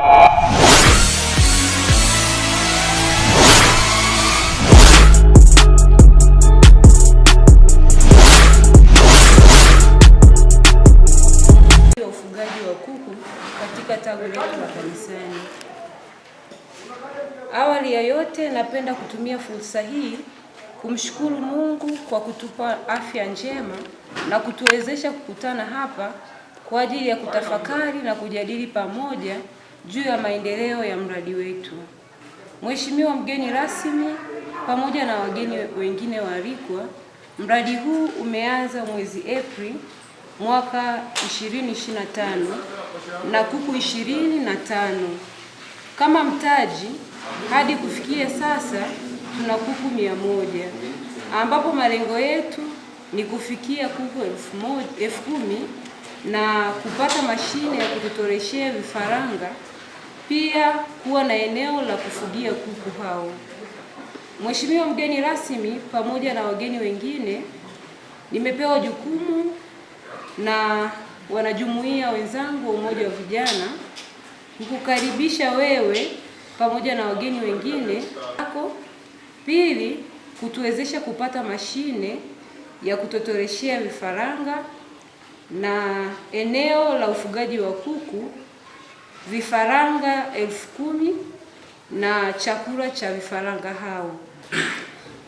Ufugaji wa kuku katika tawi letu la kanisani. Awali ya yote, napenda kutumia fursa hii kumshukuru Mungu kwa kutupa afya njema na kutuwezesha kukutana hapa kwa ajili ya kutafakari na kujadili pamoja juu ya maendeleo ya mradi wetu. Mheshimiwa mgeni rasmi, pamoja na wageni wengine waalikwa, mradi huu umeanza mwezi Aprili mwaka 2025 na kuku 25 kama mtaji. Hadi kufikia sasa tuna kuku mia moja ambapo malengo yetu ni kufikia kuku elfu kumi na kupata mashine ya kututoreshea vifaranga pia kuwa na eneo la kufugia kuku hao. Mheshimiwa mgeni rasmi, pamoja na wageni wengine, nimepewa jukumu na wanajumuia wenzangu wa Umoja wa Vijana kukukaribisha wewe pamoja na wageni wengine wako, pili kutuwezesha kupata mashine ya kutotoreshea vifaranga na eneo la ufugaji wa kuku vifaranga elfu kumi na chakula cha vifaranga hao.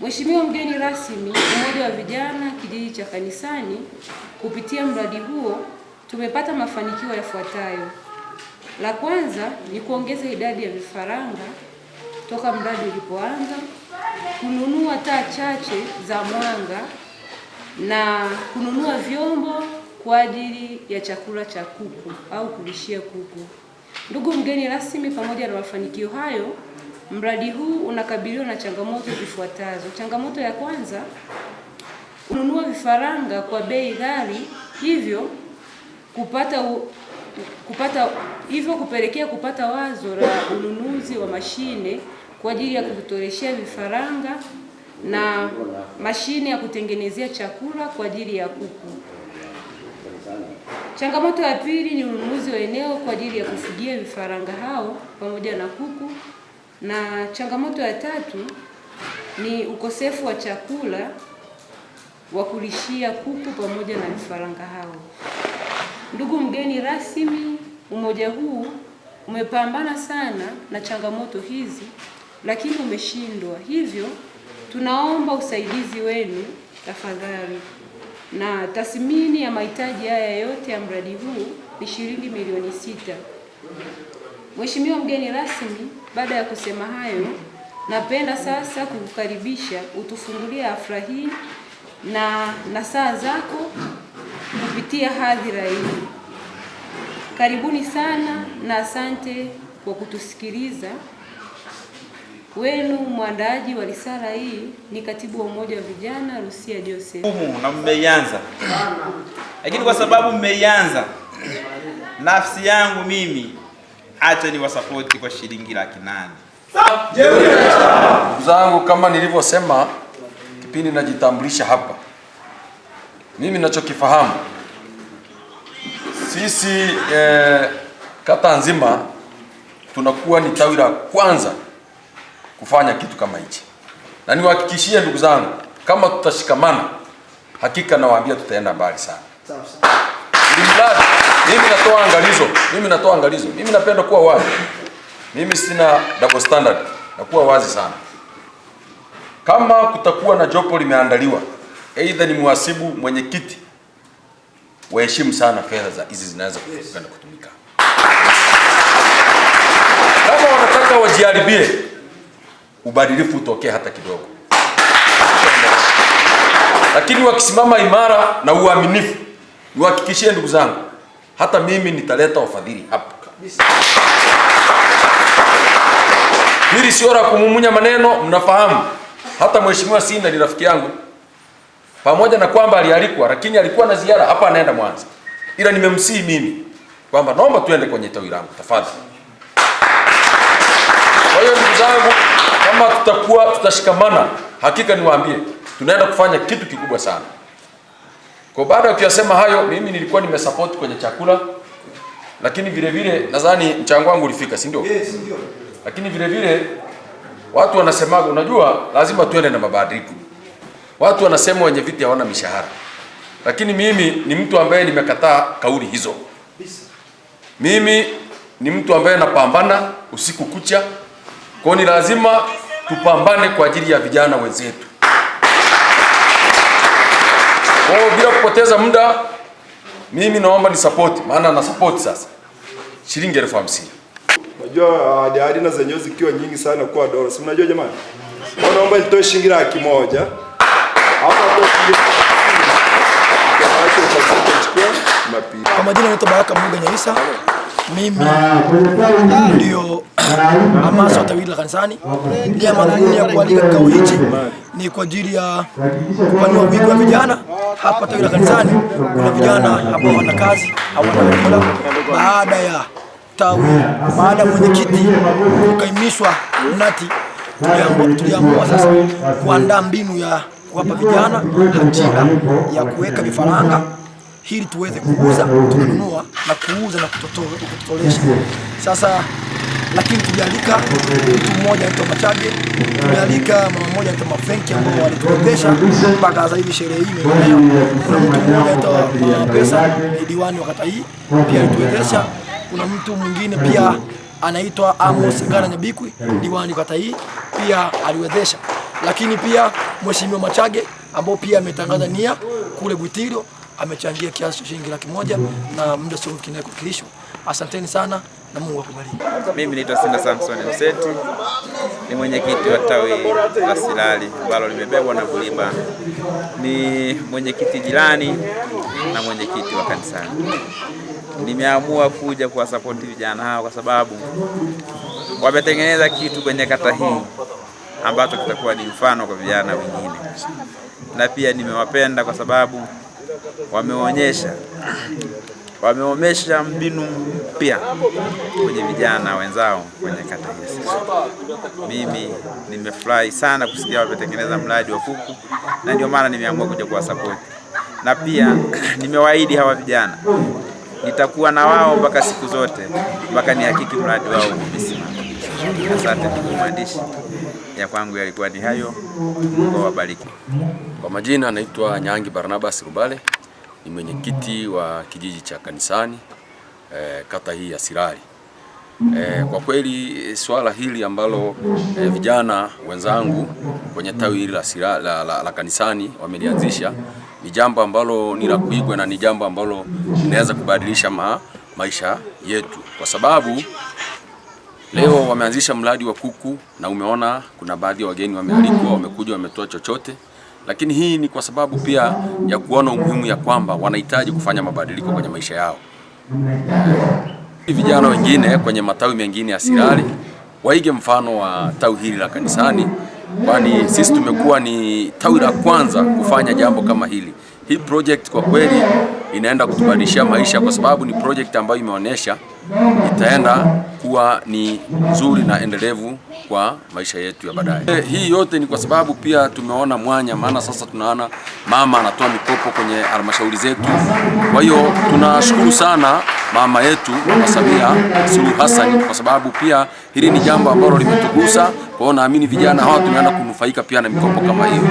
Mheshimiwa mgeni rasmi, Umoja wa Vijana Kijiji cha Kanisani kupitia mradi huo tumepata mafanikio yafuatayo. La kwanza ni kuongeza idadi ya vifaranga toka mradi ulipoanza, kununua taa chache za mwanga na kununua vyombo kwa ajili ya chakula cha kuku au kulishia kuku. Ndugu mgeni rasmi, pamoja na mafanikio hayo, mradi huu unakabiliwa na changamoto zifuatazo. Changamoto ya kwanza, kununua vifaranga kwa bei ghali, hivyo kupata u, kupata hivyo kupelekea kupata wazo la ununuzi wa mashine kwa ajili ya kutotoleshea vifaranga na mashine ya kutengenezea chakula kwa ajili ya kuku. Changamoto ya pili ni ununuzi wa eneo kwa ajili ya kufugia vifaranga hao pamoja na kuku, na changamoto ya tatu ni ukosefu wa chakula wa kulishia kuku pamoja na vifaranga hao. Ndugu mgeni rasmi, umoja huu umepambana sana na changamoto hizi lakini umeshindwa, hivyo tunaomba usaidizi wenu tafadhali na tathmini ya mahitaji haya yote ya mradi huu ni shilingi milioni sita. Mheshimiwa mgeni rasmi, baada ya kusema hayo, napenda sasa kukukaribisha utufungulie hafla hii na nasaha zako kupitia hadhira hii. Karibuni sana na asante kwa kutusikiliza wenu mwandaaji wa risala hii ni katibu wa umoja wa vijana Rusia Joseph. Na mmeianza lakini kwa sababu mmeianza, nafsi yangu mimi acha ni wasapoti kwa shilingi laki nane. zangu, kama nilivyosema kipindi najitambulisha hapa, mimi nachokifahamu sisi eh, kata nzima tunakuwa ni tawi la kwanza kufanya kitu kama hichi, na niwahakikishie ndugu zangu, kama tutashikamana, hakika nawaambia tutaenda mbali sana. Mradi mimi natoa angalizo, mimi natoa angalizo, mimi napenda kuwa wazi, mimi sina double standard, na kuwa wazi sana. Kama kutakuwa na jopo limeandaliwa, aidha ni mhasibu, mwenyekiti, waheshimu sana fedha za hizi zinaweza kutumika. Kama wanataka wajiharibie ubadilifu utokee hata kidogo. Lakini wakisimama imara na uaminifu, niwahakikishie ndugu zangu, hata mimi nitaleta wafadhili hapa. Hili sio la kumumunya maneno, mnafahamu. Hata mheshimiwa Sina ni rafiki yangu, pamoja na kwamba alialikwa, lakini alikuwa na ziara hapa, anaenda Mwanza, ila nimemsii mimi kwamba naomba tuende kwenye tawi langu tafadhali. Kwa hiyo ndugu zangu kama tutakuwa tutashikamana, hakika niwaambie, tunaenda kufanya kitu kikubwa sana. Kwa baada ya kuyasema hayo, mimi nilikuwa nimesupport kwenye chakula, lakini vile vile nadhani mchango wangu ulifika, si ndio? Yes, ndio. Lakini vile vile watu wanasemaga, unajua lazima tuende na mabadiliko. Watu wanasema wenye viti hawana mishahara, lakini mimi ni mtu ambaye nimekataa kauli hizo. Mimi ni mtu ambaye napambana usiku kucha, kwa ni lazima tupambane kwa ajili ya vijana wenzetu. Kwa hiyo bila kupoteza muda, mimi naomba ni support, maana na support sasa shilingi elfu hamsini. Unajua uh, na zenyewe zikiwa nyingi sana kwa dola. Si mnajua jamani? Kwa naomba nitoe shilingi laki moja. Kwa majina naitwa Baraka Munga Nyaisa mimi ah, ndio hamasa tawili la kanisani. Nia madhumuni ya kualika kikao hichi ni kwa ajili ya kupanua wigo wa vijana hapa tawili la kanisani. Kuna vijana hapa hawana kazi, hawana ajira. Baada ya tawi, baada ya mwenyekiti kukaimishwa mnati, tuliamua sasa kuandaa mbinu ya kuwapa vijana ajira ya kuweka vifaranga ili tuweze kuuza, tunanunua na kuuza na kutotolesha. Sasa lakini tujalika mtu mmoja aitwa Machage, tujalika mama mmoja aitwa Mafenki ambao walituwezesha mpaka sasa hivi sherehe hii imeendelea. Kuna mtu mmoja aitwa Pesa, diwani wa kata hii, pia alituwezesha. Kuna mtu mwingine pia anaitwa Amos Gana Nyabikwi, diwani kata hii, pia aliwezesha. Lakini pia mheshimiwa Machage ambao pia ametangaza nia kule Bwitiro amechangia kiasi cha shilingi laki moja na muda sio mkineko Asanteni sana na Mungu akubariki. Mimi naitwa Sinda Samson Mseti, ni mwenyekiti wa tawi la Silali ambalo limebebwa na Buliba, ni mwenyekiti jirani na mwenyekiti wa kanisani. Nimeamua kuja kuwasapoti vijana hao kwa sababu wametengeneza kitu kwenye kata hii ambacho kitakuwa ni mfano kwa vijana wengine, na pia nimewapenda kwa sababu wameonyesha wameonyesha mbinu mpya kwenye vijana wenzao kwenye kata hizi. Mimi nimefurahi sana kusikia wametengeneza mradi wa kuku, na ndio maana nimeamua kuja kuwasapoti, na pia nimewaahidi hawa vijana nitakuwa na wao mpaka siku zote mpaka nihakiki mradi wao umesimama. Asante ndugu mwandishi, ya kwangu yalikuwa ni hayo. Mungu awabariki. Kwa majina anaitwa Nyangi Barnabas Rubale, ni mwenyekiti wa kijiji cha Kanisani eh, kata hii ya Sirari. Eh, kwa kweli eh, swala hili ambalo eh, vijana wenzangu kwenye tawi hili la, la, la, la, la Kanisani wamelianzisha ni jambo ambalo ni la kuigwa na ni jambo ambalo linaweza kubadilisha ma, maisha yetu kwa sababu Leo wameanzisha mradi wa kuku na umeona kuna baadhi ya wageni wamealikwa, wamekuja, wametoa chochote, lakini hii ni kwa sababu pia ya kuona umuhimu ya kwamba wanahitaji kufanya mabadiliko kwenye maisha yao. Vijana wengine kwenye matawi mengine ya Sirari waige mfano wa tawi hili la kanisani, kwani sisi tumekuwa ni tawi la kwanza kufanya jambo kama hili. Hii project kwa kweli inaenda kutubadilishia maisha, kwa sababu ni project ambayo imeonyesha itaenda kuwa ni nzuri na endelevu kwa maisha yetu ya baadaye. Eh, hii yote ni kwa sababu pia tumeona mwanya, maana sasa tunaona mama anatoa mikopo kwenye halmashauri zetu. Kwa hiyo tunashukuru sana mama yetu Mama Samia Suluhu Hassan kwa sababu pia hili ni jambo ambalo limetugusa. Kwa hiyo naamini vijana hawa tunaenda kunufaika pia na mikopo kama hiyo.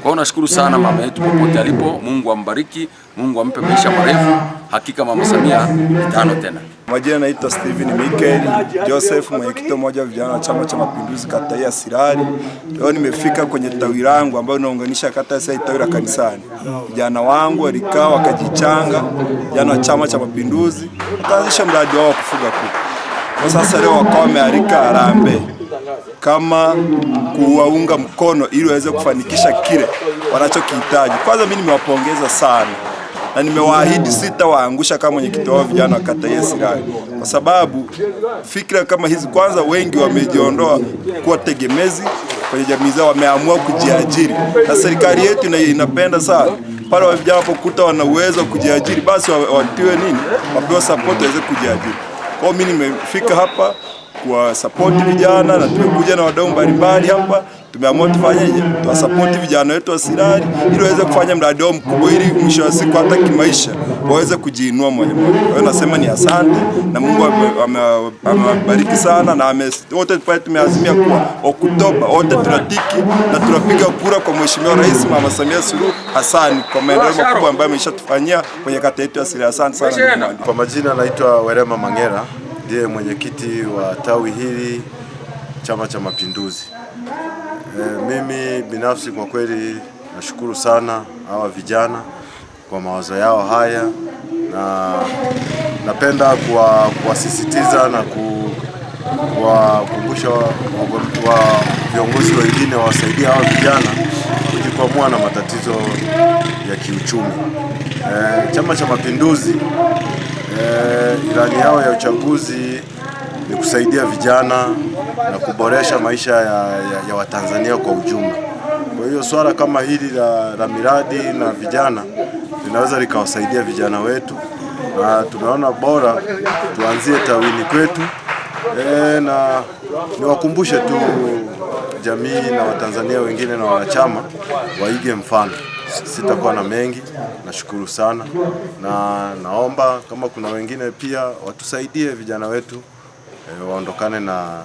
Kwa hiyo nashukuru sana mama yetu popote alipo. Mungu ambariki, Mungu ampe maisha marefu. Hakika Mama Samia tano tena. Majina naitwa Steven Mikel Joseph, mwenyekiti mmoja wa vijana wa Chama cha Mapinduzi kata ya Sirari. Leo nimefika kwenye tawi langu ambayo inaunganisha kata ya Sirari tawi la kanisani. Vijana wangu walikaa wakajichanga, vijana wa Chama cha Mapinduzi wakaanzisha mradi wao wa kufuga kuku. Kwa sasa leo wakawa wamearika arambe kama kuwaunga mkono ili waweze kufanikisha kile wanachokihitaji. Kwanza mimi nimewapongeza sana na nimewaahidi sitawaangusha kama mwenyekiti wao vijana wa kata ya Sirari, kwa sababu fikra kama hizi, kwanza wengi wamejiondoa kuwa tegemezi kwenye jamii zao, wameamua kujiajiri, na serikali yetu inapenda sana pale wapokuta wana uwezo kujiajiri, basi watiwe nini, wapewe support waweze kujiajiri. Kwa mimi nimefika hapa kuwasapoti vijana na tumekuja na wadau mbalimbali hapa. Tumeamua tufanyeje, tuwasapoti vijana wetu wa Sirari ili waweze kufanya mradi wao mkubwa, ili mwisho wa siku hata kimaisha waweze kujiinua mwenye mmoja. Kwa hiyo nasema ni asante na Mungu amewabariki sana, na wote pale tumeazimia kuwa Oktoba wote tunatiki na tunapiga kura kwa Mheshimiwa Rais Mama Samia Suluhu Hassan kwa maendeleo makubwa ambayo ameshatufanyia kwenye kata yetu ya Sirari. Asante sana. Kwa majina naitwa Werema Mangera ndiye mwenyekiti wa tawi hili Chama cha Mapinduzi. E, mimi binafsi kwa kweli nashukuru sana hawa vijana kwa mawazo yao haya, na napenda kuwasisitiza na kuwakumbusha wa viongozi wengine wawasaidia hawa vijana kujikwamua na matatizo ya kiuchumi. E, Chama cha Mapinduzi eh, ilani yao ya uchaguzi ni kusaidia vijana na kuboresha maisha ya, ya, ya Watanzania kwa ujumla. Kwa hiyo swala kama hili la, la miradi na vijana linaweza likawasaidia vijana wetu, na tunaona bora tuanzie tawini kwetu. E, na niwakumbushe tu jamii na Watanzania wengine na wanachama waige mfano sitakuwa na mengi. Nashukuru sana, na naomba kama kuna wengine pia watusaidie vijana wetu e, waondokane na,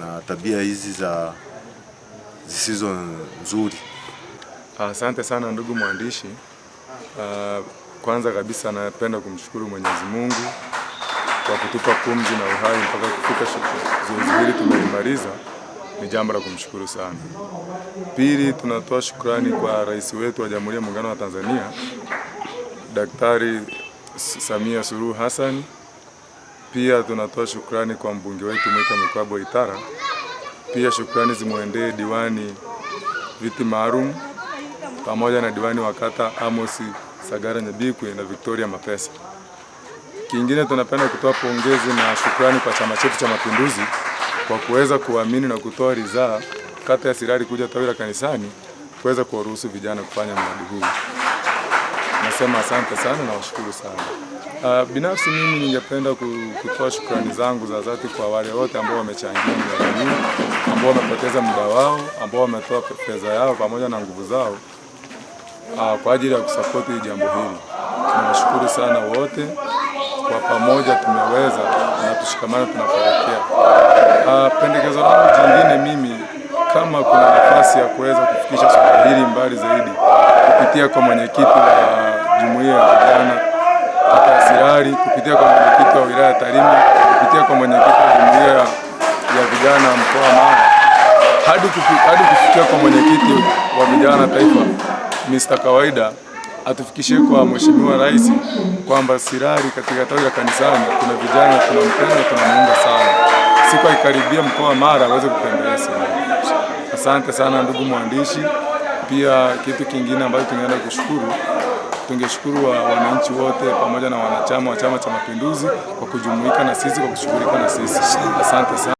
na tabia hizi za zisizo nzuri. Asante sana ndugu mwandishi. Ah, kwanza kabisa napenda kumshukuru Mwenyezi Mungu kwa kutupa pumzi na uhai mpaka kufika zoezi hili tumemaliza ni jambo la kumshukuru sana. Pili, tunatoa shukrani kwa rais wetu wa Jamhuri ya Muungano wa Tanzania Daktari Samia Suluhu Hassan. Pia tunatoa shukrani kwa mbunge wetu Mwita Mkwabo Itara. Pia shukrani zimwendee diwani viti maalum pamoja na diwani wa kata Amos Sagara Nyabikwe na Victoria Mapesa. Kingine tunapenda kutoa pongezi na shukrani kwa Chama chetu cha Mapinduzi kwa kuweza kuamini na kutoa ridhaa kata ya Sirari kuja tawi la kanisani kuweza kuwaruhusu vijana kufanya mradi huu. Nasema asante sana na washukuru sana. Uh, binafsi mimi ningependa kutoa shukrani zangu za dhati kwa wale wote ambao wamechangia mradi huu, ambao wamepoteza muda wao, ambao wametoa pesa yao pamoja na nguvu zao uh, kwa ajili ya kusapoti jambo hili. Tunawashukuru sana wote kwa pamoja tumeweza na tushikamana Ah, Pendekezo langu jingine mimi, kama kuna nafasi ya kuweza kufikisha suala hili mbali zaidi kupitia kwa mwenyekiti wa jumuiya ya vijana kata Sirari, kupitia kwa mwenyekiti wa wilaya Tarime, kupitia kwa mwenyekiti wa jumuiya ya vijana mkoa Mara, hadi kufikia kwa mwenyekiti wa vijana taifa Mr. Kawaida atufikishie kwa Mheshimiwa Rais kwamba Sirari katika tawi la kanisani kuna vijana kuna muunga sana, siku akikaribia mkoa wa Mara aweze kutembelea Sirari. Asante sana ndugu mwandishi. Pia kitu kingine ambacho tungeenda kushukuru tungeshukuru wa wananchi wote pamoja na wanachama wa Chama cha Mapinduzi kwa kujumuika na sisi, kwa kushughulika na sisi. Asante sana.